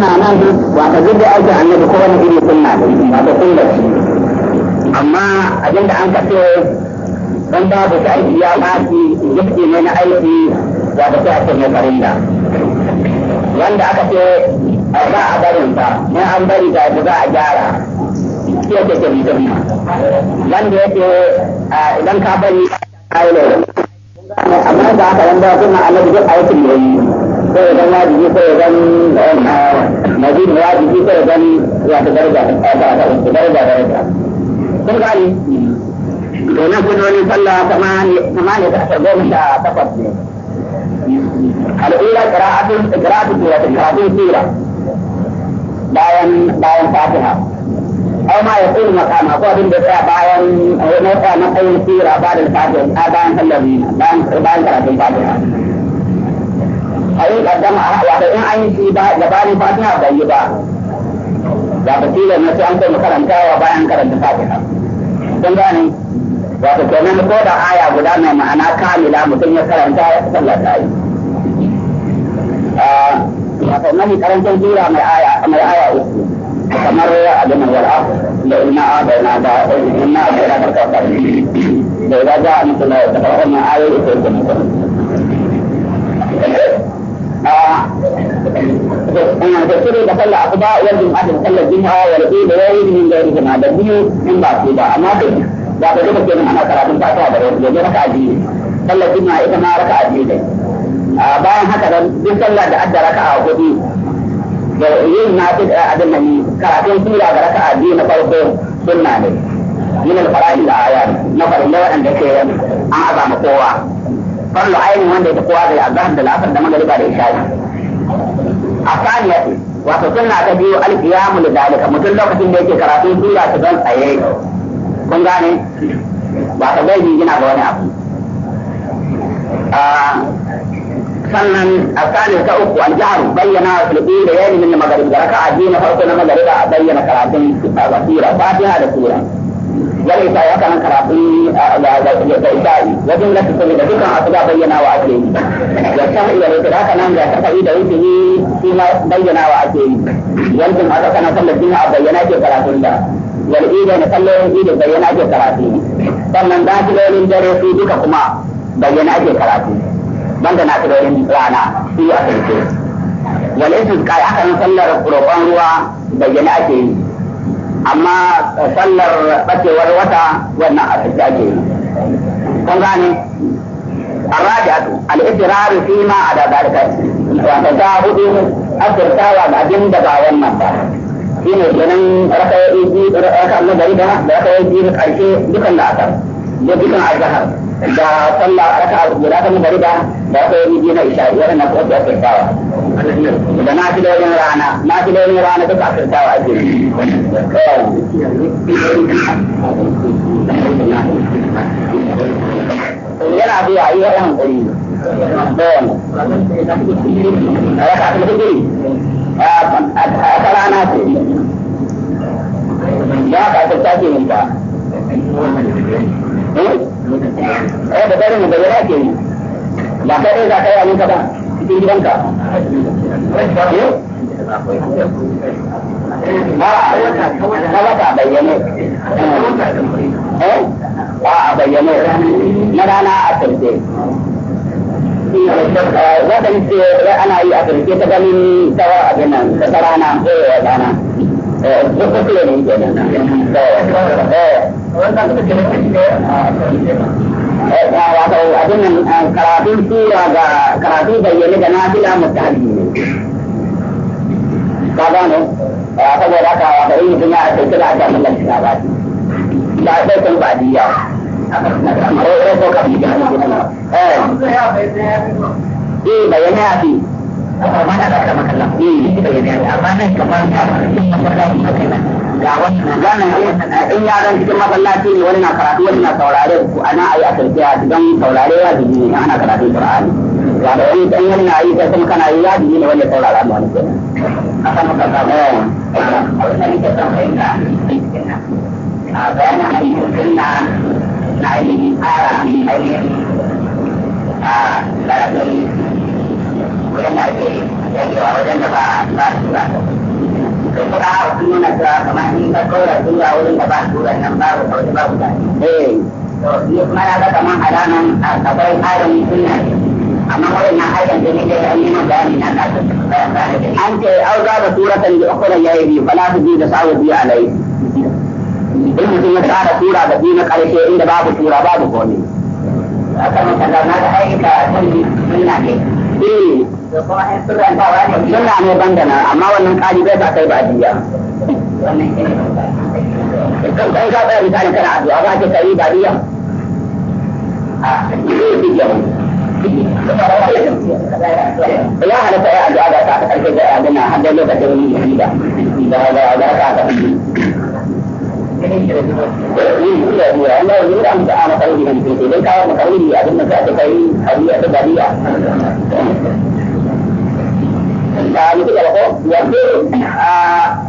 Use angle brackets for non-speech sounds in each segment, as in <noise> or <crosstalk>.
sunna nan wata duk da aikin annabi ko wani iri sunna ne wata sunna ce amma abin da an kafe dan babu ta aiki ya ɓaci jiki ne na aiki wata sai a ce mai wanda aka ce a ba a barin sa ne an bari ta za a gyara shi yake ke mutum wanda yake idan ka bari a yi amma da aka yanda suna annabi duk aikin da yi ko ya zama jiki ko ya zan mazin ya jiki ko ya zan ya ta daraja ta daraja daraja kun gani to nan kudurin sallah kamani da asar goma sha takwas ne al'ula qira'atun qira'atun sura qira'atun sura bayan bayan fatiha أو ما يقول مقام أقوى بالدفاع باين موقع مقيم سيرة بعد الفاتحة باين الذين باين باين ثلاثين فاتحة ayo kadang ah wa ta'in ayi fi ba jabani ba ta ba yi ba da batila na ta anta makaran ta wa bayan karanta ta ta dan gane wa ta kenan ko da aya guda mai ma'ana kamila mutun ya karanta ya sallah ta yi ah wa nan karantan jira mai aya mai aya uku kamar ya adama wal ak da inna adana ba inna adana ba ta ta da ga ga an tuna da ta ayi ita ta ذكر دخل أقضاء يجب أن يصلى الجمعة ولقي بيوم من غير جمعة بديه من بعد جمعة أما كده لا تجد كده أنا ترى من بعد هذا يجب ركعة جديدة صلى الجمعة إذا ما ركعة جديدة bayan haka nan duk sallah da adda raka'a hudu da yin na fi abin nan karatun sura ga raka'a biyu na farko sunna ne min al-fara'id da aya na farilla wanda ke an azama kowa farlu ainihin wanda yake kowa da azhar da la'asar da magariba da isha'i a saniyatu wato suna ta biyu alqiyamu da dalika mutum lokacin da yake karatu sura ta don tsaye kun gane ba ta bai gina ga wani abu sannan a sanin ta uku an jihar bayyana wa filbi da yayin min magarib da raka'a biyu na farko na magarib a bayyana karatun wasira fatiha da sura wani isa ya kan karafi da isari wajen da tafi da dukkan asu ba bayyana wa ake yi da san iya rufe da haka nan ga yi da yake yi shi ma bayyana wa ake yi yankin aka kana sallar jini a bayyana ke karatun da wal ida na sallar ida bayyana ke karatu sannan da filolin dare su duka kuma bayyana ke karatu banda na filolin rana su a karfe wal isu kai aka nan sallar roƙon ruwa bayyana ake yi amma sallar bacewar wata wannan a cikin ake yi kun gane arrajatu al-idrar fi ma ada dalika wata ta hudu asirtawa ga abin da ba wannan ba shi ne kenan raka'a biyu na gari da raka'a biyu karshe dukan da asar da dukan azhar da sallah raka a guda ta mutari da da ta yi biyu na isha biyar na kotu a kirtawa da na fi daurin rana na fi daurin rana duka a kirtawa ake yi yana biya yi waɗan hankali a raka a kirtawa a karana ce ya ka kirtawa ke ba eh da tsarin da ya ke yi ba ka dai za ka yi abinka ba cikin gidanka na wata bayyane eh ba a bayyane na rana a sirte wadan ce ana yi a sirte ta ganin tawa abin nan ta rana eh rana duk kusurwa ne ke nan Kalau ada ada yang kerapi si ada kerapi bayi ni jangan ada lah mesti. Kalau ni apa dia rasa apa ini punya sesuatu ada melihat siapa sih? Tidak ada pun bagi dia. Oh, oh, oh, kami jangan. Eh, ini bayi ni apa sih? Apa mana kata makan lagi? Ini bayi ni apa? Mana kemana? Ini apa lagi? ga wannan in yaran cikin masallaci ne wani na karatu wani na saurare ku ana ayi a tarbiya don saurare ya jiji ne ana karatu Qur'ani ga da wani dan yana yi sai kuma kana yi ya jiji ne wani saurara mu wani kenan akan haka ka ga wannan ke son kai ka a bayanin hadisin sunna na ainihin ara ainihin a karatun wajen da ake yakewa wajen da ba ba su ba da kuma a sun nuna cewa kamar in ka yi zuwa da ba da eh to a kabarin arin sunna amma na ne an yi bayani na an ce au za da in mutum ya tsara tura da biyu na karshe inda babu tura babu komai a kan kallon na da aika sunna ke. eh suna ne bandana amma wannan kari bai ba kai ba diya kai ka bayar misali kana addu'a ba ke kai ba diya ya halatta ya addu'a da ta karfe da ya gana har da lokacin da da da ta ta Allah ini kan anak kali di sini, jadi kalau kali ini ada masa ada kali hari ada dari ya. Nah itu kalau kok waktu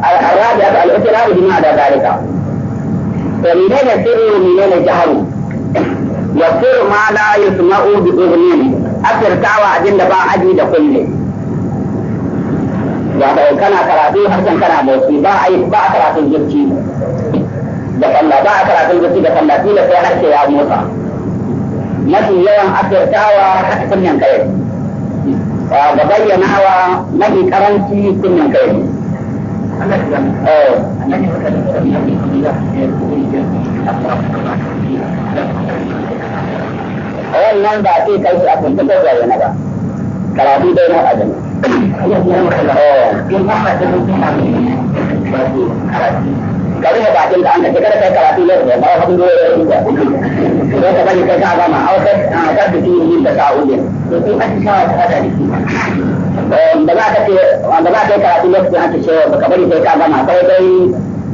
al-haraj atau al-israr di mana ada dari kau. فمنين سر ومنين جهل يصير ما لا يسمع بأذنين أثر تعوى أجل با أجل كله وهذا كان كراتو حسن كان موسي با أي با كراتو جبتي datanglah Ba'atar akan ketiga tanda tidak saya hati ya Musa Nabi yang akhir tawa hati pun yang kaya Bapak yang awa Nabi karanti pun yang kaya Oh, ini yang berarti kalau saya pun betul saja yang ada. Kalau di dalam ada. Oh, yang mana ada. Bagi gari da bakin da an da kada kai karatu ne ba ba kun dole ne ba ko ka bari kai ka gama a wata ta da ki yin da ta'u ne to kun an sha ta da ki da za ka ce da za ka karatu ne ko an ce ba ka bari kai ka gama kai dai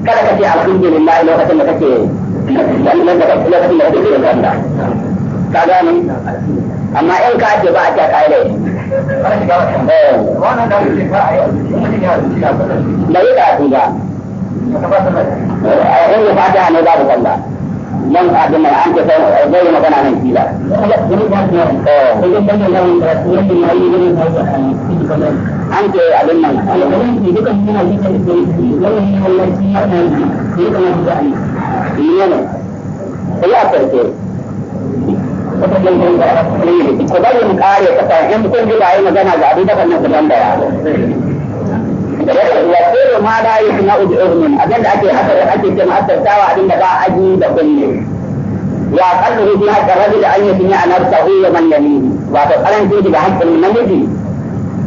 kada ka ce alhamdulillah lokacin da kake wannan da kake lokacin da kake da Allah ka gane amma in ka ce ba a ce kai dai bai da ba هي فاتحة عن عبادة الله من قاعد من عام كسر زي ما كان عامل كذا. أنت أدنى. Ku bari mu kare kasa in kun ji ba yi magana ga abin da kan nan ku dan da yaro. وكل ما لا يسمع بأذن أجل أكي حسر أكي كما أتبتاوى أبن با أجي بكل وأقله في حق الرجل أن يسمع نفسه ومن يليه وأتقلن فيه بحق النمجي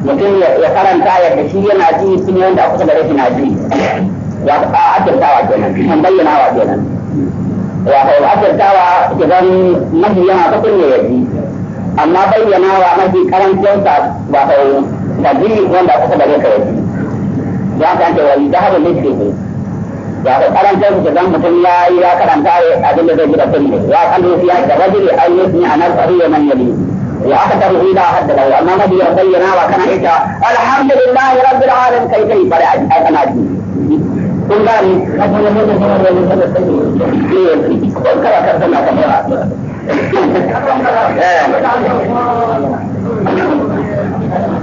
mutum ya karanta ya da shi yana ji sun yi wanda kusa da rashin ji ya asirtawa kenan kan bayyana wa kenan ya kai asirtawa idan mafi yana ta kunne ya ji amma bayyana wa mafi karancin sa ba kai da ji wanda kusa da rashin ji da haka an ce wa yuzhabu liddihi ya ko karan sai ku ga mutum ya yi ya karanta abin da zai gida kulli ya kallu fiya da rajuli an yusni an al-qariya man yali wa akthar ila hadd law amma nabi ya bayyana wa kana ita alhamdulillahi rabbil alamin kai kai bare a kana ji kun ga ni ka kuma mutum kuma da mutum da kai ne ko kara karanta na kamar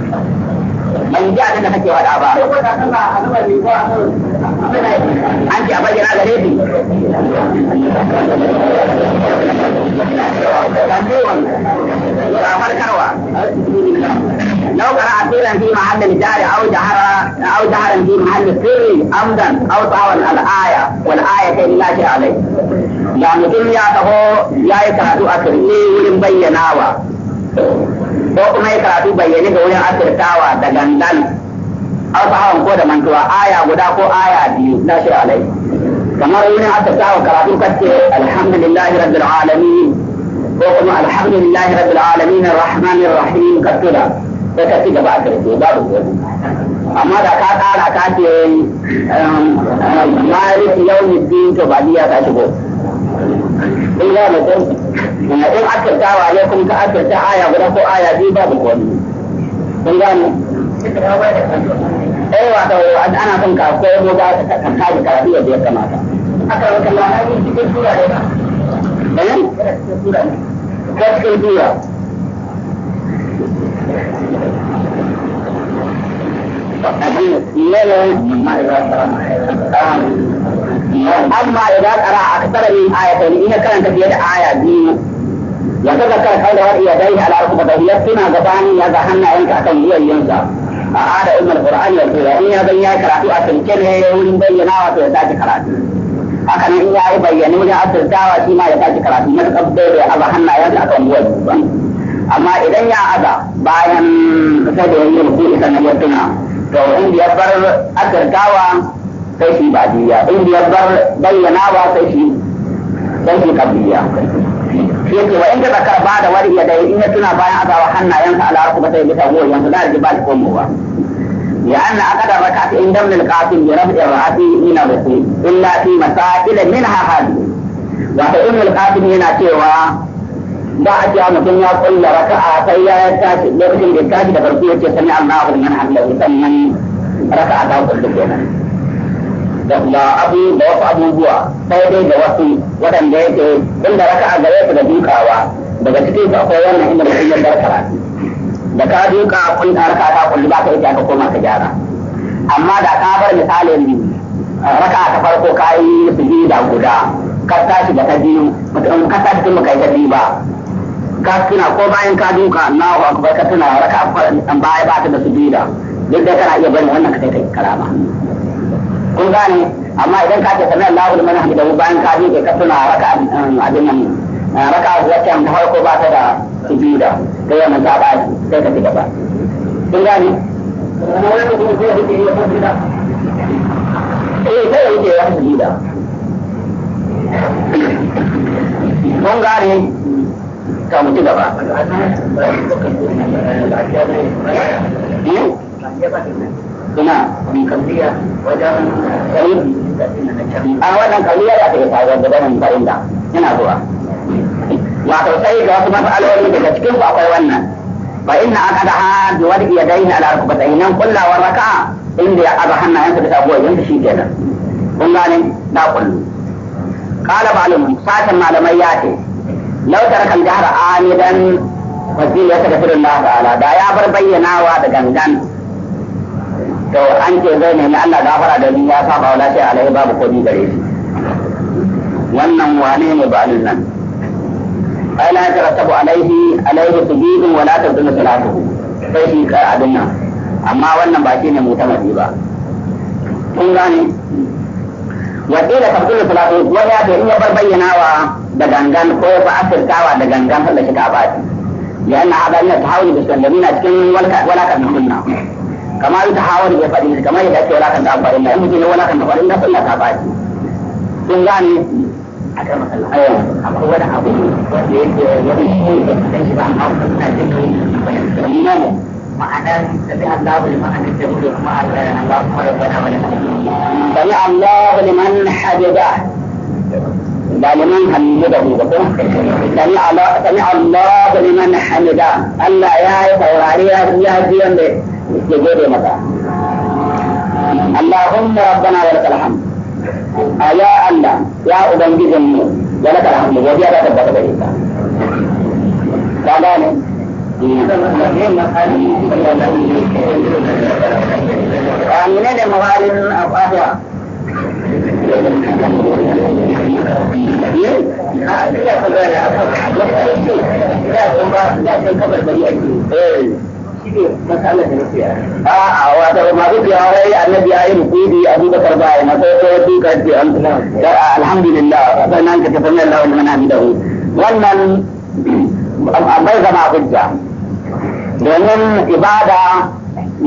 eh ban ji abin da kake faɗa ba an ji a bayyana gare ni tambayon farkarwa لو قرأ سيرا في محل الجار أو جهر أو جهرا في محل السر أمدا أو طاول الآية والآيتين لا شيء عليه. يعني كل يا تهو يا يتهدو أكل لي ولم بيناوا ko kuma ya karatu bayyane ga wurin asirtawa da gandan alfahawan ko da mantuwa aya guda ko aya biyu na shi alai kamar wurin asirtawa karatu kace alhamdulillahi rabbil alamin ko kuma alhamdulillahi rabbil alamin arrahmanir rahim kattura da ka ci gaba a karshe babu amma da ka kara ka ce ehm, ehm, maliki biyu to ba biya ta shigo in ga mutum in asirta wa kuma ka ta aya guda ko aya biyu babu kwani kun gane eh wato ana son ka ko mu ba ka ka kaji karatu yadda ya kamata aka wata ma ai cikin sura ne ba eh sura ne cikin sura amma idan kara aksara min ayatan in karanta fiye da aya biyu ya tazakkar kaulawar iyadai ala rukbatahu ya tuna bani ya ga hannayensa akan wuyayyansa a ada ilmin alqur'ani ya qira in ya zan ya karatu a tunke ne wurin bayyana wato ya sake karatu haka nan in ya yi bayyane wajen asirtawa shi ma ya sake karatu na kaf da ya aza hannayensa akan wuyayyansa amma idan ya aza bayan sai da yayi ruku'i sannan ya tuna to in ya bar asirtawa sai shi ba diya in ya bar bayyana wa sai shi sai shi kabiya yake wa in ka ba da wari ya dai in ya tuna bayan azawa hannayensa a lara kuma sai bisa goyen da ji ba da komowa ya anna akada rakati in damna alqasim bi rabbi ra'ati min al-ruku illa fi masail min hadi wato in wani kafin yana cewa ba a cewa mutum ya kulla raka'a sai ya tashi lokacin da tashi da farko yace sami Allahu liman hamidahu sannan raka'a ta kullu kenan da abu da wasu abubuwa daidai da wasu waɗanda yake inda raka a gare su da dukawa daga cikin su akwai wannan inda mutum ya bar karatu da ka duka kun da raka ta kulli ba ka ita ka koma ka gyara amma da ka bar misalin biyu eh, raka ta farko ka yi su sujida guda ka tashi da ta biyu mutum ka tashi kuma kai ta biyu ba ka tuna ko bayan ka duka Allahu akbar ka tuna raka baya ba ta da su sujida duk da kana iya barin wannan ka kai karama kun gane amma idan ka ce sami Allahu liman hamidahu bayan ka ji ka tuna raka um, abin nan uh, raka wacce ta farko ba ta da sujuda sai ka ci gaba kun gane eh sai ya yi sujuda kun mu ci hmm? ina min kabliya wajen sayin a wannan kabliya ya ta isa da ganin barin da yana zuwa wato sai ga wasu mas'aloli daga cikin ku akwai wannan fa inna aqadaha bi wadi yadayhi ala rukbatayn nan kullawar raka'a inda ya aza hannayensa da sabuwar yanzu shi kenan kun gane da kullu qala ba'lum satan malamai ya ce law taraka jahra amidan wa ziyata da Allah ta'ala da ya bar bayyanawa da gangan to an ce zai nemi Allah gafara da ya saba wala sai alai babu komai gare shi wannan wane ne ba nan ai la tarattabu alaihi alaihi sujudun wala tadullu salatu, sai shi kar abin nan amma wannan ba shi ne mutamadi ba kun gane wadda da tadullu salatu wani ya ce in ya bar bayyanawa da gangan ko ya fa asirtawa da gangan sallar shi ka ba shi لأن هذا من التحول na cikin walaka kan nuna kama ita hawar ya faɗi kamar yadda ake wadatar da amfanin da in mutum ya wadatar da faɗin da sallah ta faɗi kun gane a kan masallah akwai wani abu wanda yake wani shi ne da shi ba a hau suna jin kai ma'anar sami Allah ma'anar da mutu kuma Allah kuma ya faɗa mana sami Allah liman hajjada العالمين حمده سمع الله سمع الله لمن حمده الله يا يا يا يا يجيب متى اللهم ربنا ولك الحمد آه، يا الله يا أبنجي جميع ولك الحمد وجاء تبقى بريكا فقال آه، منين المغالب الأخرى آه، a wata masu annabi ya yi rukudi a duka karba ya masu duka ce alhamdulillah sannan ka tafi mana da hu wannan bai zama hujja domin ibada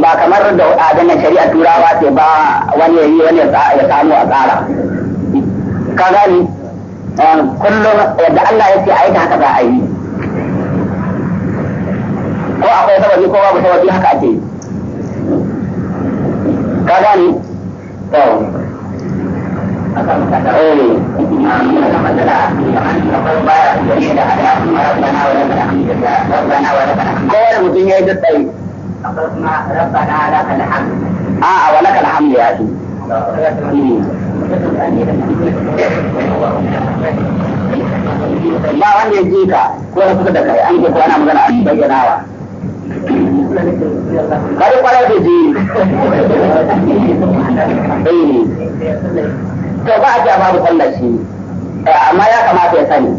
ba kamar da adanin shari'a turawa ce ba wani ya yi wani ya samu a tsara ka gani Eh, kullum yadda Allah ya ce a yi haka za a yi ko akwai sababi ko babu sababi haka ake yi ka gani to kowane mutum ya yi dutsayi a walaka alhamdu ya shi ba wanda ya jika ko da suka da kai an ko ana magana an wa kare kwarar da ji eh. to ba a ce babu sallaci eh, amma ya kamata ya sani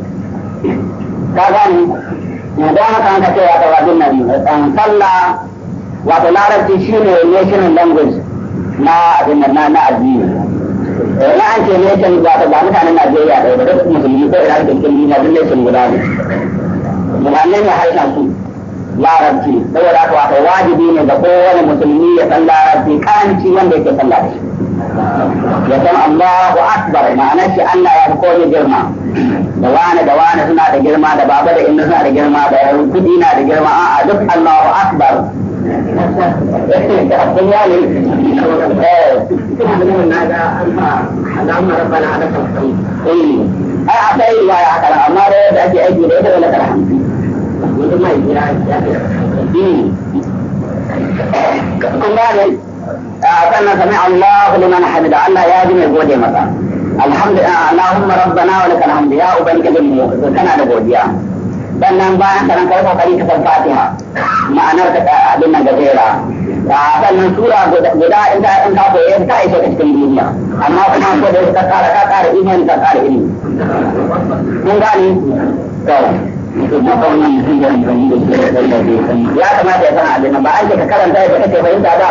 ka gani don haka an ka ce ya tawazin nabi eh, sallah wato larabci shine national language na abin na na addini na an ce ne can ba ba mutanen Najeriya ɗaya ba duk musulmi ko ina da musulmi na duk laifin guda ne muhanne ne harshen su larabci saboda haka wato wajibi ne ga kowane musulmi ya san larabci karanci wanda yake san larabci ya san Allahu akbar ma'anar shi Allah ya fi kowane girma da wane da wane suna da girma da baba da inna suna da girma da kudi na da girma a'a duk Allahu akbar أعطي الله يعطى الأمر بأجي أجي ليلة ولا ترحم kun gane sannan sami Allahu liman hamida Allah ya ji mai gode maka alhamdulillah Allahumma rabbana wa lakal hamdu ya ubangiji mu kana da godiya sannan bayan karan kai kokari ka san Fatiha ma'anar ta abin nan da gajera sannan sura guda in ta in ka koye ta isa ta cikin duniya amma kuma ko da ta kara ka kara imani ka kara ilimi kun gane to ya kamata ya san abin ba an ka karanta ya kake fahimta ba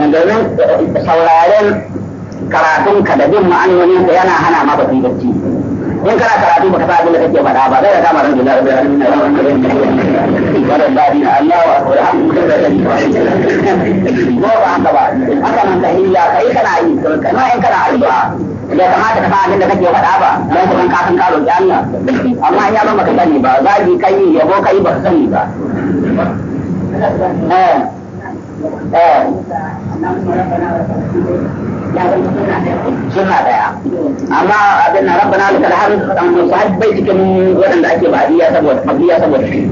domin sauraren karatunka da bin ma'anoninka yana hana ma ba bacci in kana karatu baka san abin da kake faɗa ba zai kama ran da wannan dadi na Allah wa ko ba haka ba haka nan tahiyya kai kana yi kana in kana addu'a bai kamata ka san abin da kake faɗa ba don ku san kafin ka roƙi Allah amma in ya ba baka sani ba zagi kai yabo kai baka sani ba eh eh suna daya amma abin na rabba na lukar har dan musu bai cikin waɗanda ake ba biya saboda biya saboda shi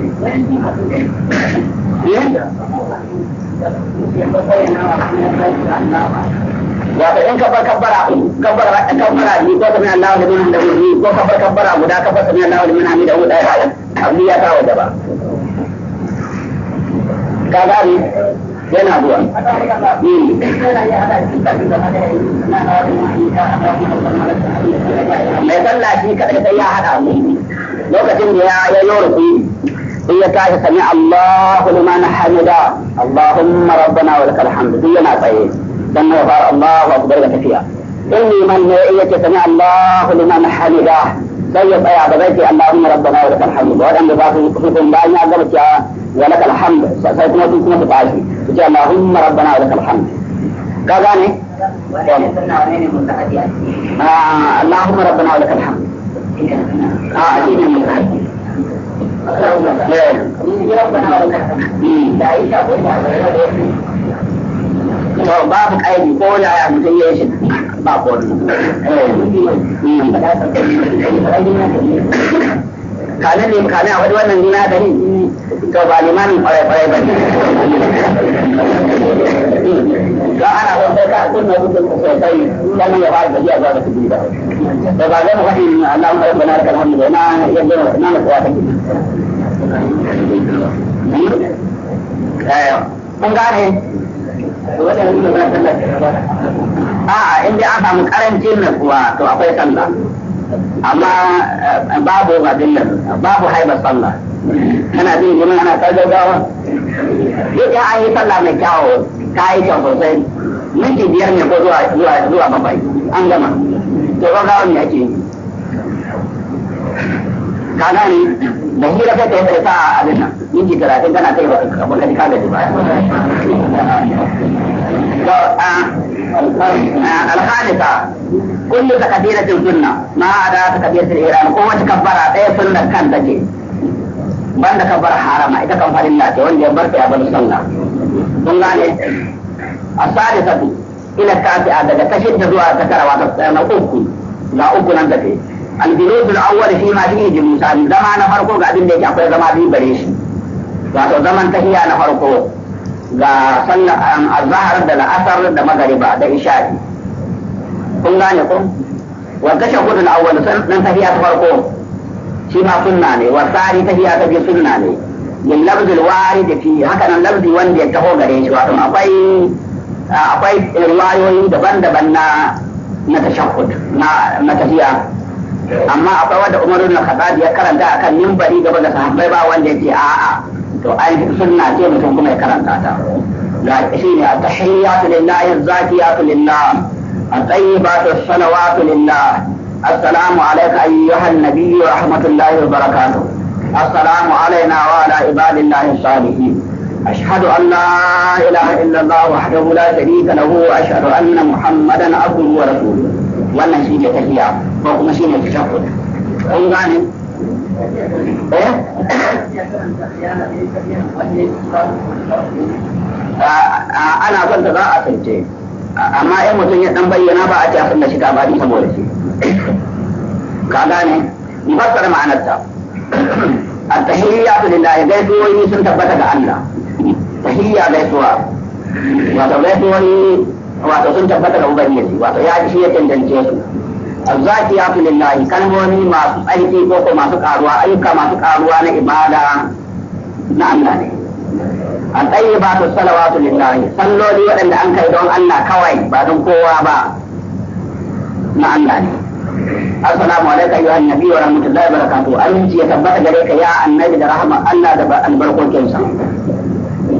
wato in kabbar kabbara kabbar kabbara ni ko sami Allahu liman hamdahu ko kabbar kabbara guda kabbar sami Allahu liman hamidahu da ya ta wajaba kaga ne هي كاي سمع الله لمن حمدا اللهم ربنا ولك الحمد هي ما طيب ثم الله اكبر لك فيها اني من هي سمع الله لمن حمدا زيد طيب، أي عبدتي اللهم ربنا ولك الحمد وأن باقي خصوصا لا يعذبك ولك الحمد سيكون في سنة تعيشي تجي اللهم ربنا ولك الحمد كذاني آه اللهم ربنا ولك الحمد آه أكيد من الحمد بابك أيدي قول يا مسيح ba kane kane a wani wannan dina to ba limamin kwarai kwarai ba ne A in dai an samu karancin natsuwa to akwai sallah. Amma eh, babu abin nan babu haibar sallah. Kana bin jimin ana kar gaggawa. Duk ya an yi sallah mai kyawo ta yi kyau sosai. Minti biyar ne ko zuwa zuwa bakwai an gama. To gaggawa ne ake yi. Ka gane da hira kai ta yi sa abin nan. minti talatin kana kai ba abun da ka gaji ba. Alhalika, kullum ka kabila cin sunna, ma a da ta kabila cin Iran, ko ka fara ɗaya sunna kan ta take. Ban da ka fara harama, ita kan farin lafi, wanda ya bar ta ya bar sunna. Kun gane, a sa'ad da tafi, ina kafi a daga kashin ta zuwa ta karawa ta eh, tsaye na uku, ga uku nan take. Albinotul awwal shi ma shi fihi jumusa zama na farko ga abin da yake akwai zama biyu bare shi. wato zaman tahiya na farko ga sallar um, zahar da la'asar da magariba da isha'i kun gane ko wa kashe na awwal nan tahiya ta farko shi ma sunna ne wa sari tahiya ta biyu sunna ne lil labdil warid fi haka nan labdi wanda ya taho gare shi wato akwai uh, akwai riwayoyi daban-daban na na tashahhud na na tahiya amma akwai wanda Umar ibn Khattab ya karanta akan minbari gaba da sahabbai ba wanda ya a a'a to ai sunna ce mutum kuma ya karanta ta ga shi ne at-tahiyyatu lillahi az-zakiyatu lillah at-tayyibatu as-salawatu lillah السلام عليك أيها النبي ورحمة الله وبركاته السلام علينا وعلى عباد الله الصالحين أشهد أن لا إله إلا الله وحده لا شريك له وأشهد أن محمدا عبده ورسوله والنشيد tafiya. ko kuma shi ne fita kuɗi kun gane eh? ana son ta za a tsince amma in mutum ya dan bayyana ba a ce abin da shiga ba ni saboda shi ka gane ni fassara ma'anarta at-tahiyyatu lillahi gaisuwoyi sun tabbata ga Allah tahiyya gaisuwa wato gaisuwoyi wato sun tabbata ga ubangiji wato ya ji shi ya tantance su A zaki ya filin layi, kalmomi masu ko koko masu ƙaruwa, ayyuka masu ƙaruwa na ibada na ananai. A ɗan yi bata sallwa filin layi. Salloni waɗanda an kai da wani kawai ba don kowa ba na ananai. Asalama a laifin Yohana biyu wa alamu ta zai An yi ya tabbata gare ka yi a annabi da Rahman. An da albarkokinsa.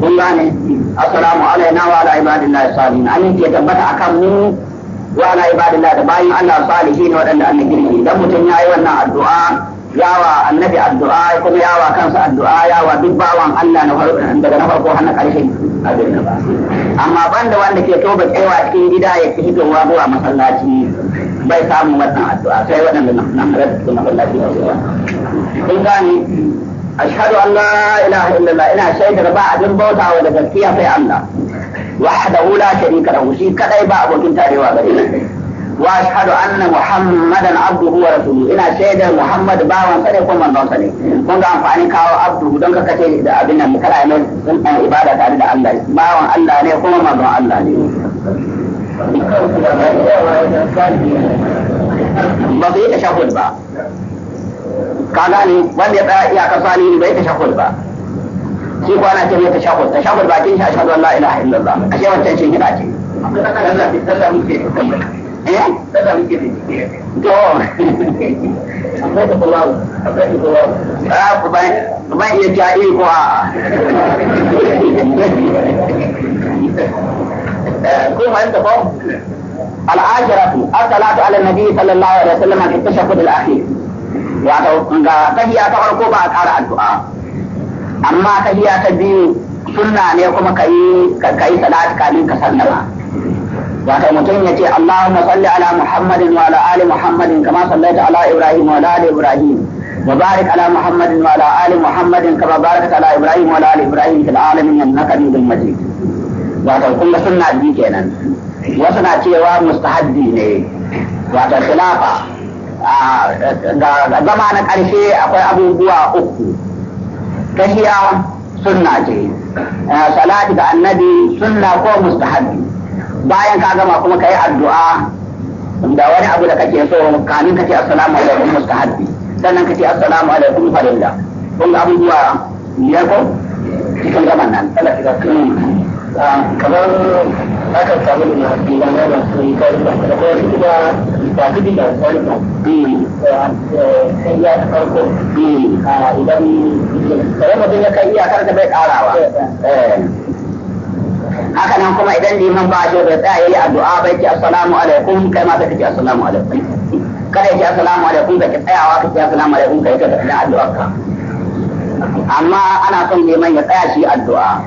Gungane. Asalama a laifin nawa na yi ma'adin na An yi ya tabbata a kan mu. wa ala ibadillah da bayin Allah salihin waɗanda an girki. dan mutum ya yi wannan addu'a yawa annabi addu'a kuma yawa kansa addu'a yawa duk bawan Allah na daga na farko har na ƙarshe amma banda wanda ke toba tsewa cikin gida ya fi hitowa zuwa masallaci bai samu wannan addu'a sai waɗanda na halatta cikin masallaci da zuwa kun gani ashhadu an la ilaha illallah ina shaidar ba abin bautawa da gaskiya sai Allah وحده لا شريك له شيء كذا يبقى أبو كنت واشهد ان محمدا عبده ورسوله ina shaidar muhammad bawan sa ne ko manzon sa ne kun ga amfani kawo abdu don ka kace da abin nan kada mai sun ibada tare da Allah bawan Allah ne kuma manzon Allah ne ba bai ta shahud ba kaga wanda ya bai ta ba shi kwana ta ne ta shakul ta shakul bakin shi ashhadu an la ilaha illallah ashe wancan shi gida ce sallah muke eh sallah muke to abaitu Allah abaitu Allah ah bai bai iya ja'i ko a ko mai da ba العاشرة الصلاة على النبي صلى الله عليه وسلم في التشهد الأخير. وعندما تهيأ تغرقوا بعد على الدعاء. amma ta biya ta biyu sunna ne kuma ka yi salati kamin ka ba. wato mutum ya ce Allahumma salli ala Muhammadin wa ala ali Muhammadin kama sallaita ala Ibrahim wa ala ali Ibrahim wa barik ala Muhammadin wa ala ali Muhammadin kama barakta ala Ibrahim wa ala ali Ibrahim fil alamin innaka Hamidum Majid wato kun ga sunna bi kenan wasu na cewa mustahabbi ne wato khilafa ah, ga zama na ƙarshe akwai abubuwa uku tahiya sunna ce eh, salati ga annabi sunna ko mustahabi bayan ka gama kuma ka yi addu'a da wani abu da kake so kanin ka ce assalamu alaikum mustahabi sannan ka ce assalamu alaikum farilla kun ga abubuwa biyar ko cikin gaban nan Ah, kamar aka samu na masu da na masu yi karfa da kuma su da ba su da karfa sai ya ta farko ah, idan kare mutum ya kai iyakar da bai karawa eh, haka nan kuma idan liman ba shi da tsaya yayi addu'a bai ce assalamu alaikum kai ma ka ce assalamu alaikum kada ya ce assalamu alaikum ka ki tsayawa ka ce assalamu alaikum kai ka da addu'a ka amma ana son liman ya tsaya shi addu'a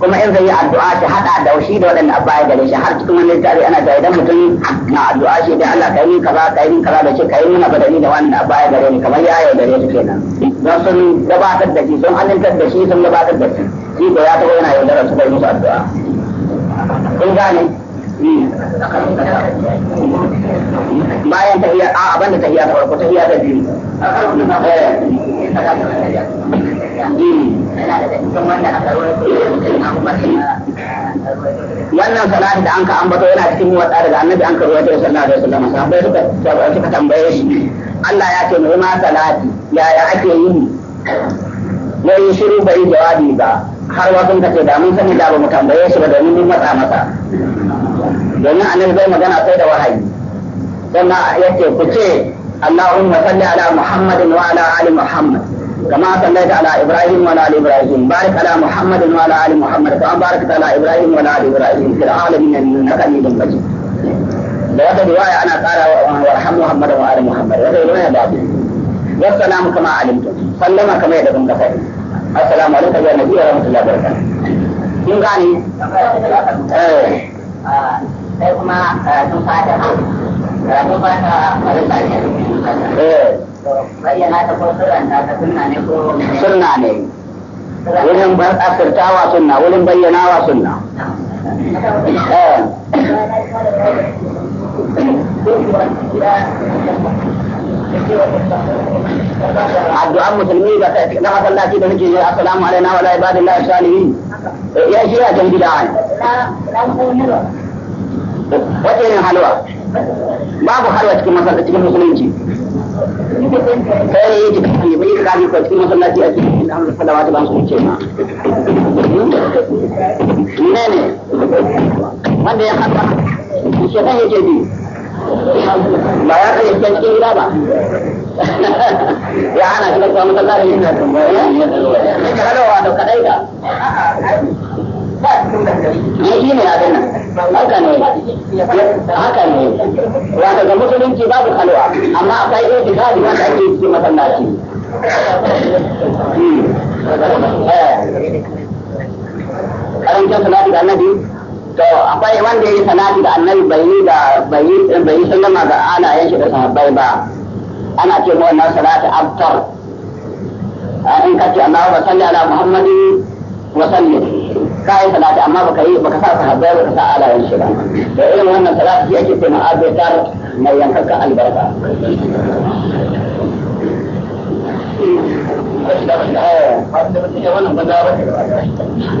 kuma in zai yi addu'a ta hada da shi da waɗanda a baya gare shi har cikin wani littafi ana ta idan mutum na addu'a shi da Allah kai min kaza kai min kaza da shi kai min abadani da wanda a baya gare ni kamar yayo gare shi kenan don sun gabatar da shi sun amintar da shi sun gabatar da shi shi da ya taɓa yana yaudarar su kai musu addu'a kun gane bayan tahiyya a abin da tahiya ta farko tahiyya ta biyu wannan salati da an ka ambato yana cikin watsa daga annabi an karuwa ta sallallahu alaihi wasallam sahabbai suka suka tambaye shi Allah ya ce mai ma salati yaya ake yi yayi shiru bai jawabi ba har wasu ka ce da mun sani da ba mu tambaye shi ba domin mun matsa masa domin annabi zai magana sai da wahayi sannan ya ce ku ce Allahumma salli ala Muhammadin wa ala ali Muhammad كما صليت على ابراهيم وعلى ال ابراهيم بارك على محمد وعلى ال محمد كما باركت على ابراهيم وعلى ال ابراهيم في العالمين انك حميد مجيد. وهذا رواية أنا قال وارحم محمد وآل محمد وهذا رواية بعض والسلام كما علمتم سلم كما يدكم كفر السلام عليك يا نبي ورحمة الله وبركاته kin gane? Eh. Sai kuma sun fada sunna ne wurin asirtawa sunna wurin bayyanawa sunna addu'an musulmi ga na masallaci da nake yi assalamu alaina wa la ibadillahi salihin ya shirya can bid'a ne wace ne halwa babu harwa cikin masallaci cikin musulunci kai yi cikin bai kari ko cikin masallaci a cikin inda ta su ma hmm? ne ne wanda ya hada shi kan yake bi ba ya kai cikin cikin gida ba ya ana masallaci ne ne ne da kadai da ba cikin da ne ne haka ne haka ne wata ga musulunci babu kalwa amma akwai itikadi wanda ake yi cikin masallaci hmm. eh. karancin salati da annabi to akwai wanda yi salati da annabi bai yi da bai yi sallama ga alayen shi da sahabbai ba ana ce ma wannan salati abtar ah, in ka ce Allahu salli ala Muhammadin wa sallim kayan salati amma baka yi baka sa sahabbai baka sa alayen shi ba da irin wannan salati shi ake sai ma'azatar mai yankanka albarka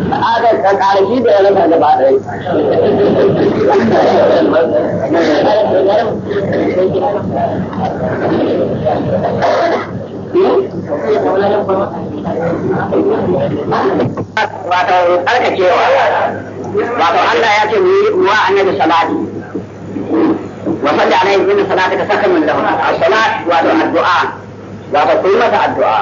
Aga ka kare shi da yana da ba dai. Hmm? wato tsarkakewa wato Allah ya ce wa annabi salati wa salli alaihi inna salataka sakanun lahu as-salat wato addu'a wato ku masa addu'a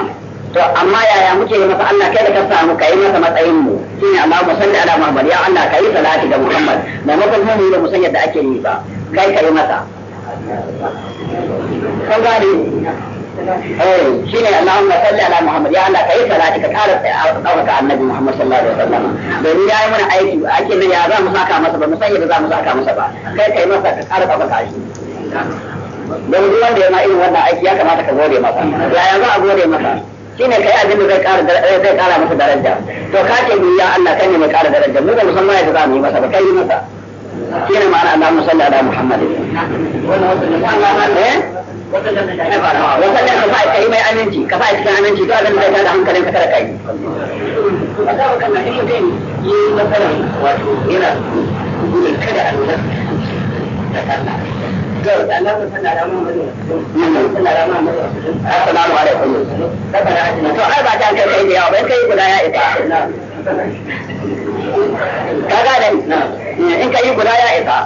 to amma yaya muke yi masa Allah kai da ka samu kai masa matsayin mu shine Allah mu salli ala Muhammad ya Allah kai salati ga Muhammad maimakon mu yi da mu san yadda ake yi ba kai kai masa kan gane Eh, shi ne Allahumma salli ala Muhammad ya Allah kai salati ka ƙara ɗaukaka annabi Muhammad sallallahu alaihi wasallam domin ya yi mana aiki ake nan ya za mu saka masa ba mu san yadda za mu saka masa ba kai kai masa ka ƙara ɗaukaka shi don duk wanda ya ma irin wannan aiki ya kamata ka gode masa ya yanzu a gode masa shine kai abin da zai ƙara eh, zai kara masa daraja to ka ce ni ya Allah kai ne mai kara daraja mu ba mu san ma yadda za mu yi masa ba kai yi masa shine ma'ana Allahumma salli ala Muhammad eh wata da ka fa'i kai mai aminci ka fa'i cikin aminci to abin da da hankalin ka tara kai yana gudun kada a lura da sallah Assalamu To ai ba ta kai da yawa bai kai guda ya isa. Ka ga in kai guda ya isa.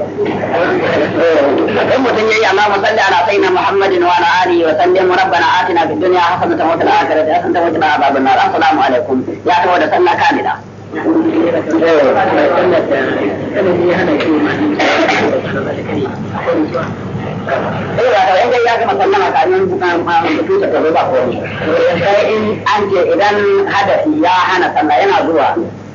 in mutum yayi salli ala sayyidina Muhammadin wa ala alihi wa sallim rabbana atina fid dunya hasanatan wa fil akhirati hasanatan wa qina adhaban nar assalamu alaikum ya tawo da sallah kamila saboda eh, ka ya gama sallama kamin mutu ta ba sai in an ce idan hadasi ya hana sallah yana zuwa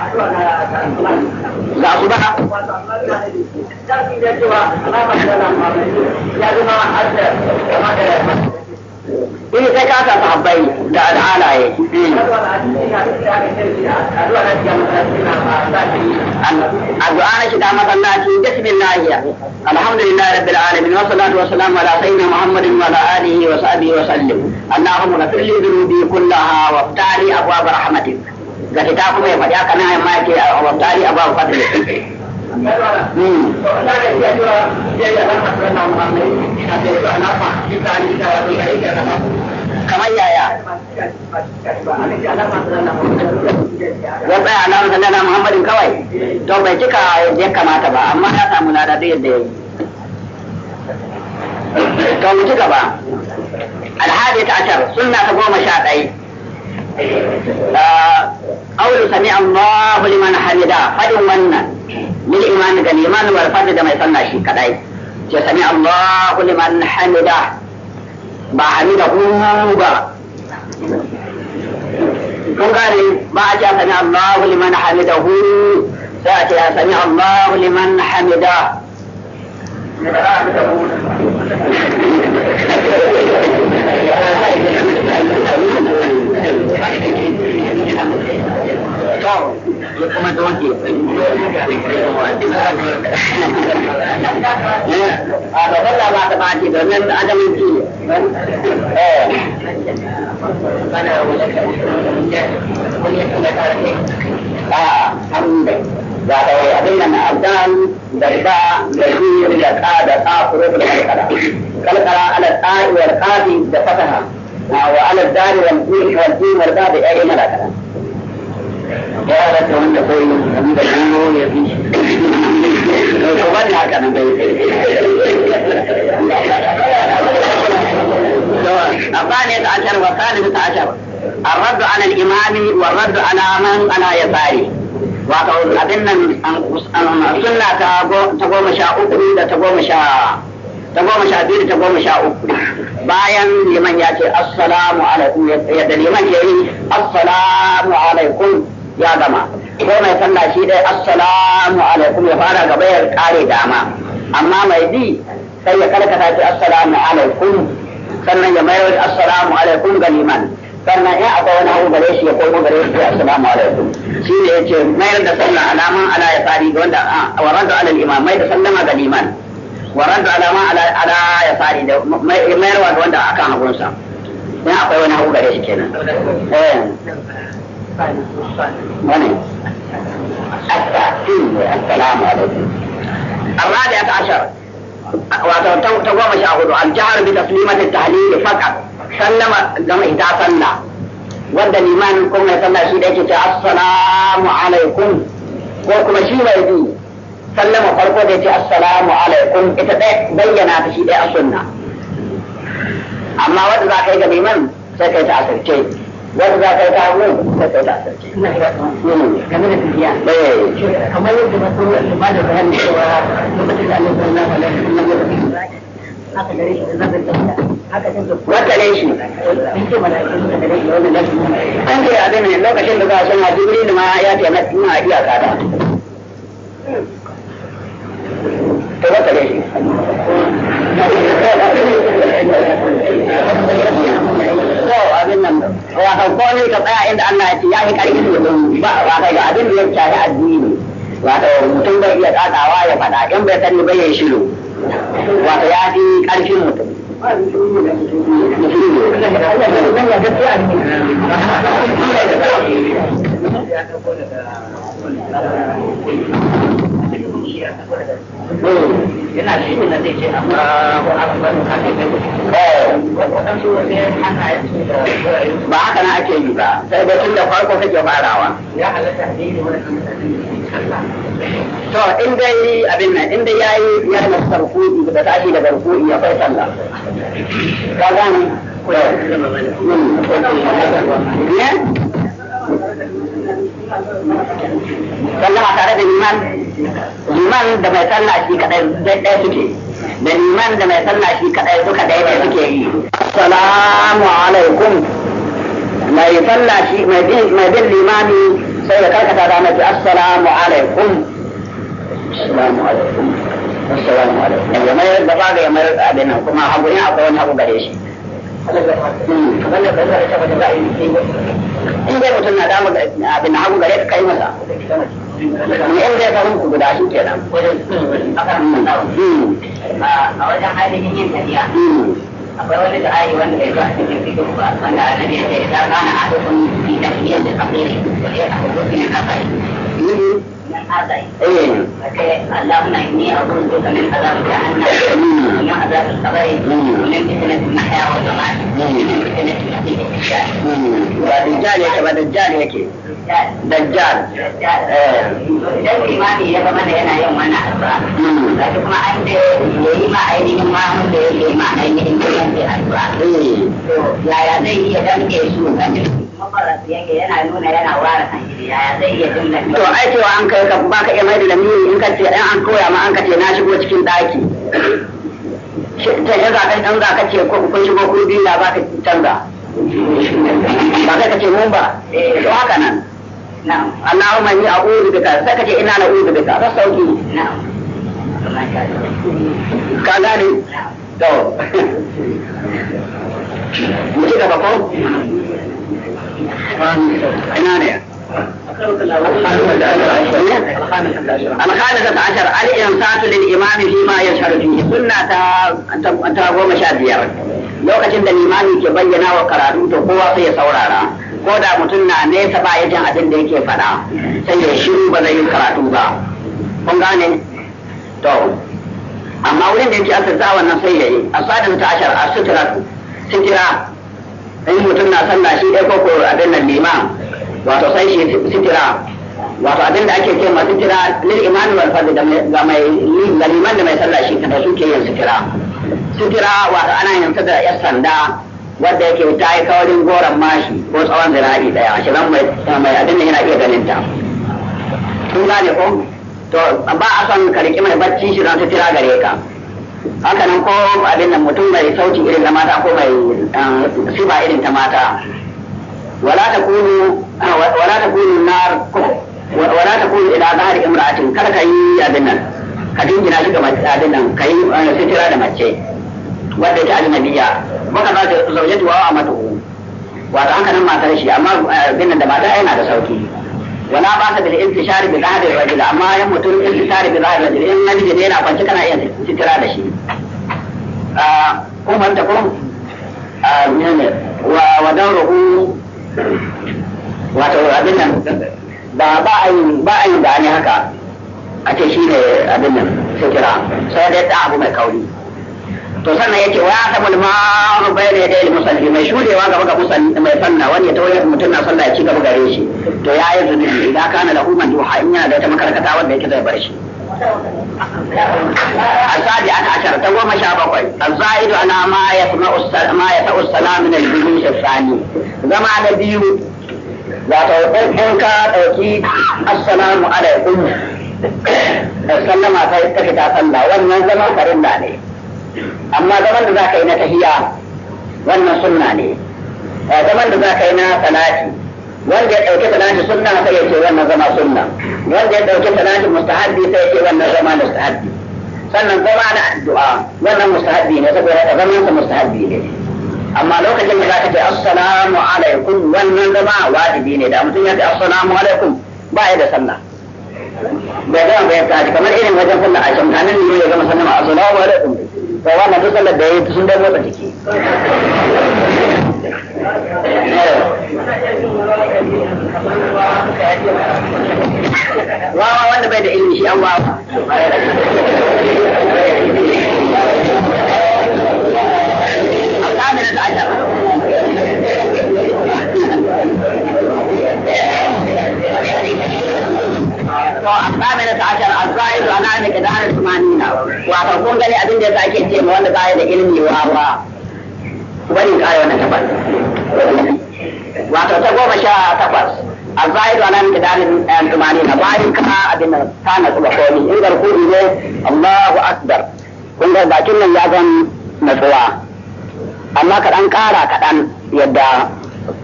da abu ba in sai ka ta sahabbai da ya al'alaye addu'a na shiga masallaci bismillah alhamdulillah rabbil alamin wa salatu wa salam ala sayyidina muhammadin wa ala alihi wa sahbihi wa sallim allahumma ghfir li dhunubi kullaha wa ftali abwaab rahmatik ga fita kuma ya faɗi haka nan ma ke a wattari a babu fadli hmm. kamar yaya ya tsaya na wanda na muhammadin kawai to bai cika yadda ya kamata ba amma ya samu lada duk yadda ya yi to mu ci gaba alhadi ta ashar sunna ta goma sha ɗaya قول سمع الله لمن Hamida فدن wannan lil iman gani liman wal fard da mai sanna shi kadai ce sami Allah liman hamida ba hamida hu ba kun gane ba a ce sami Allah liman hamida hu sai a ce sami Allah liman hamida هذا ظل بعد بعد من عدم الجيل أنا ولك وليكن لك آه الحمد وهو يعلم أبدان بيضاء بشير يسعى دقاء فروق القلقلة القلقلة على الآل والقاضي دفتها وعلى الدار والدين والدين والقاضي أي ملكها ya halatta wanda bai da gano ya fi ko ba ni haka nan bai الثانية عشر والثالثة عشر الرد على raddu والرد على من على يساره wato abin nan sunna ta goma sha uku da ta goma sha ta goma sha biyu da ta goma sha uku bayan liman ya ce assalamu alaikum yadda liman ke yi assalamu alaikum ya gama ko mai sallah shi dai assalamu alaikum ya fara gaba ya kare dama amma mai bi sai ya karkata shi assalamu alaikum sannan ya mayar assalamu alaikum ga liman sannan in akwai wani abu gare shi ya koma gare shi assalamu alaikum shi ne yace mayar da sallah alaman ala ya fari ga wanda wa radu ala imam mai da sallama ga liman wa radu alaman ala ala ya fari da mayarwa ga wanda akan hagunsa in akwai wani abu gare shi kenan eh من السلام عليكم الرابعة عشر وتقوم شاهده الجهر بتسليمة التحليل فقط سلم دم إذا صلى ودى الإيمان كما صلى شيء السلام عليكم وكما شيء سلم فرقه ذلك السلام عليكم إذا بينا في السنة أما ودى ذلك الإيمان سكت أسرتين wanda za ka yi ta mun ta da sarki game da eh. da da ya tafi da an ce lokacin da za a san Jibril ma ya ce na ina iyaka da to wata da. shi <laughs> <laughs> ko abin nan wato komai ka tsaya inda Allah ya ce ya yi karfi mutum ba wato ga abin da ya shafi addini wato mutum bai iya tsadawa ya fada in bai sani bai ya shiru wato ya fi karfin mutum Thank you. yi a da yana shi ne zai ce amma abubuwan da ake ne waɗansu wasu hannayen su da ba haka na ake yi ba sai da tun da farko kake farawa ya halatta ne ne wani to in dai abin nan in dai yayi ya na sarkuɗi da tashi daga rukuɗi ya ta sallah ka gani ne hmm. sallah tare da liman liman da mai sallah shi kadai daidai suke da liman da mai sallah shi kadai suka daidai suke yi assalamu alaikum mai sallah shi mai bin mai bin limami sai da karkata da mai assalamu alaikum assalamu alaikum assalamu alaikum ya mai da ba ga ya mai abin nan kuma hagu ne akwai wani abu gare shi hmm. in dai mutum na damar abin hagu gare ka kai masa in zai samu guda shi kenan a wajen ainihin yin tafiya akwai wani da ayi wanda ya zo a cikin cikin ba wanda a nan ya ce kana a cikin da tafiyar da kafin kafa ايه اللهم اني اعوذ بك من عذاب جهنم ومن عذاب القبر ومن فتنه المحيا والممات ومن فتنه المسيح الدجال. دجال يا شباب دجال يا كي. دجال. دجال. ايه. dan imani ya zama da yana yin wani addu'a. Ga kuma an da ya yi ma ainihin ma wanda ya yi ma ainihin da addu'a. To yaya zai iya danke su ganin yake yana nuna yana ware sangiliya ya zai iya jin lafiya. To ai cewa an kai ka ba ka iya mai da lamiri in ka ce ɗan an koya ma an ka ce na shigo cikin ɗaki. Ta ya za ka canza ka ce ko kun shigo kun biyu na ba ka canza. Ba kai ka ce mun ba. To haka nan. Allahumma ni a'udhu bika sai ka ce ina na na'udhu bika ta sauki. Ka gane? To. <laughs> Mu ci gaba ko? ina ne الخامسة عشر الإمساك للإمام فيما يشهر فيه سنة تقوم ke bayyana wa karatu to kowa sai ya saurara, ko da mutum na nesa ba ya jin abin da yake faɗa sai ya shiru ba zai yi karatu ba kun gane to amma wurin da yake asirta wannan sai ya yi asadin ta ashar asitira sitira in mutum na sallah shi ɗaya koko abin nan liman wato sai shi sitira wato abin da ake kema sitira lil imanu wal fadl da ga mai ga liman da mai sallah shi kada suke yin sitira sitira wato ana yin sitira da yar sanda wanda yake ta yi kawarin goron mashi ko tsawon zirari daya shirin mai mai abin da yana iya ganin ta kun gane ko to ba a son ka riƙi mai bacci shi zan sitira gare ka haka nan ko abin nan mutum bai sauti irin na mata ko bai ah, siba irin ta mata wala ta kunu ah, wala ta kunu nar wala ta kunu ila zahar imra'atin kar ka yi abin nan ka dingina shi ga mace abin nan ka yi ah, sitira da mace wadda ta biya baka za ta zaujatu wa amatu wato an kanan matar shi amma abin nan da mata yana da sauki ولا باس بالانتشار بظاهر الرجل اما يموتون الانتشار بظاهر الرجل ان لم يجد هنا فانت كان ايه سترى لشيء آه، قم انت قم آه، يعني، ودوره واتو ابنا با با اي با اي داني هكا اتشيني ابنا سترى سيدت اعبو مكاولي to sannan yake wa tabul ma'ru bayna yaday dai musalli mai shudewa gaba ga musalli mai sanna wani ya tawaye mutum na sallah ya ci gaba gare shi to ya yi zunubi idan kana da man duha in yana da wata makarkata wanda yake zai bar shi السابعة عشر ta goma ma ya ta ussala min al السلام shafani zama الثاني biyu نبيه ta in ka dauki assalamu alaikum sallama ta fita sallah wannan zaman da ne amma zaman da za ka yi na tahiya wannan sunna ne eh, zaman da za ka yi na salati wanda ya ɗauki salati sunna sai ya ce wannan zama sunna wanda ya ɗauki salati mustahabbi sai ya ce wannan zama mustahabbi sannan zama na addu'a wannan mustahabbi ne saboda ka zaman sa mustahabbi ne amma lokacin da za ka ce assalamu alaikum wannan zama wajibi ne da mutum ya ce assalamu alaikum ba ya da sallah bai gama bayan kamar irin wajen sallah a can. shamkanin ne ya zama sallama assalamu alaikum to wannan duk Allah da ya yi sun dai motsa jiki wawa wanda bai da ilimi shi an wawa ko a kamar da ta shan azai da na ne ka dana tumani na wa ka kun abin da yasa ake ce ma wanda ba ya da ilimi wa ba bari ka yi wannan tabbas wato ta goma sha takwas a zaidu anan da dalin ɗayan tumani na bayan ka abin ta na tsuba komi in garku ne Allahu Akbar kun ga bakin nan ya zan natsuwa amma kaɗan dan ƙara kaɗan yadda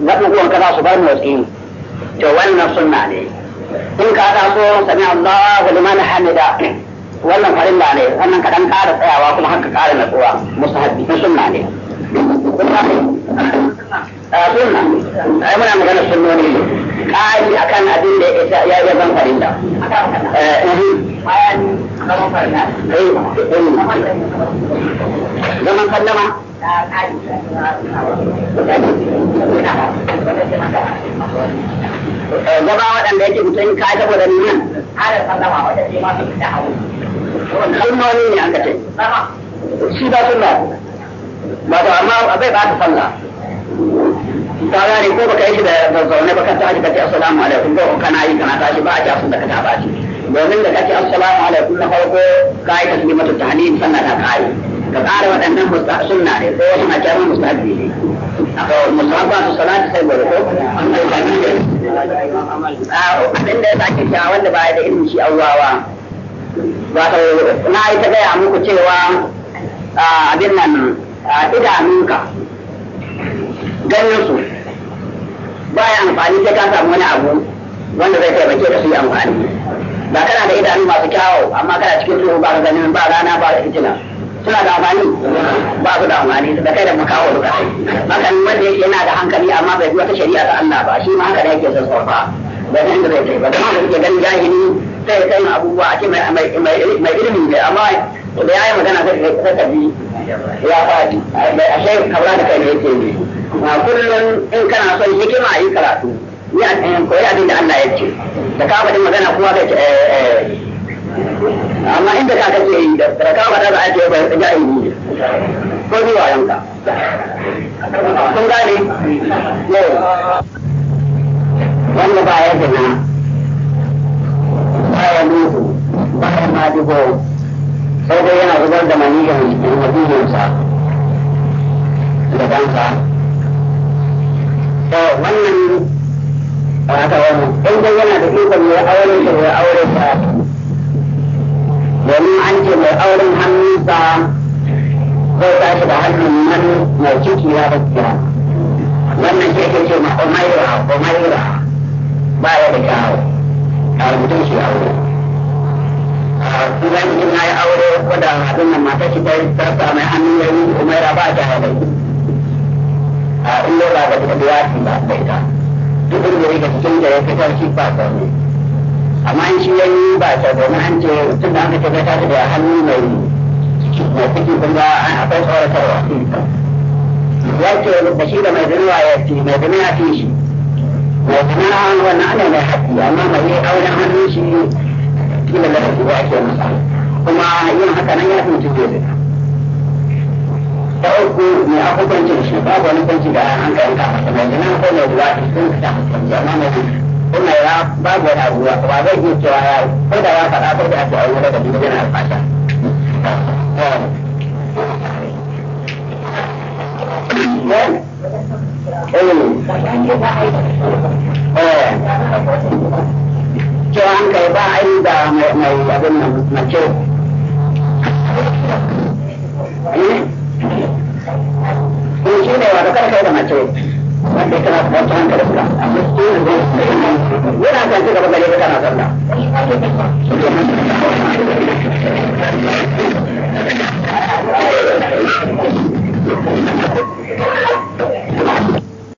wani uwan ka su bar motsi to wannan sunna ne in ka ta so sami Allahu liman hamida wannan farilla ne wannan kadan ƙara tsayawa kuma haka kara natsuwa mustahabbi na sunna ne ah, sunna muna magana sunnoni ƙari akan abin da ya zan eh, eh. Eh, zaman kallama gaba eh, waɗanda yake mutum ka saboda liman ana sallama wata ce ma su da hawo sunnoni ne an kace shi ba sunna ba to amma bai ba ta sallah ta gane ko baka yi shi da zaune ba kan tashi kace assalamu alaikum ko kana yi kana tashi ba a ji asun da ka taba shi domin da kace assalamu alaikum na farko ka yi tasbihatu tahlim sannan ka yi. ka ƙara waɗannan sunna ne ko wasu na kyamar mustahabbi ne musamman ta sai gore ko an abin da ya sake cewa wanda ba da ilimi shi ba. awwawa wato na yi ta gaya muku cewa abin nan idanunka ganin su ba ya amfani sai ka samu wani abu wanda zai taimake ka su yi amfani ba kana da idanu masu kyawo amma kana cikin tsoho ba ka ganin ba rana ba fitina suna da amfani ba su da amfani da kai da makawo maka ne wanda yake yana da hankali amma bai wata shari'a ta Allah ba shi ma haka da yake son ba bai san da zai kai ba kuma da kuke ganin jahili sai kai abubuwa a ce mai mai ilimi ne amma da yayi magana sai kai kuka bi ya fadi a shai kabla da kai ne yake ne kullum in kana son hikima yi karatu ya eh, koyi abin da Allah ya ce da ka faɗi magana kuma kai eh eh amma inda ka kake yi da ka ka fada za a ce ba ga yi ko ni wayan ka kun gane ne wannan ba ya gina ba ya nuhu ba ya madigo sai dai yana zubar da maniyan madiyinsa da kansa to wannan wata wani in dai yana da ikon ya aure shi ya aure ta domin an ce mai auren hannunsa zai tashi da hannun man mai ciki ya wannan ce ma umaira umaira ba ya da a rubutun shi aure kuma mutum na yi aure wadda nan mata shi bai mai hannun yayi umaira ba ta yi a inda ba da ta biya ba duk inda ga cikin da ya fitar shi ba ta ne amma in shi yayi ba ta domin an ce tun da aka tabbata ta da hannu mai mai ga an akwai tsoratarwa ya ce da shi da mai zinuwa ya ce mai zinu ya fi shi mai zinu na hannu wannan ana mai haƙi amma mai yi auren hannu shi kila da haƙi ba ke masa kuma yin haka nan ya fi mutum zai zina ta uku mai akwai kwancin shi babu wani kwanci da an kayan kafa mai zinu ko mai zuwa sun fita kwanci amma mai zinu này kuna ya babu wani abu ba zai iya cewa ya yi ko da ya faɗa ko da ya ce aure daga jini yana alfasha Ừ. an kai ba a yi da mai abin nan mace eh shi ne wata kada kai da mace wanda kana kwanci hankalinka amma cikin da yana kan ci gaba gare ka kana sallah Thank you.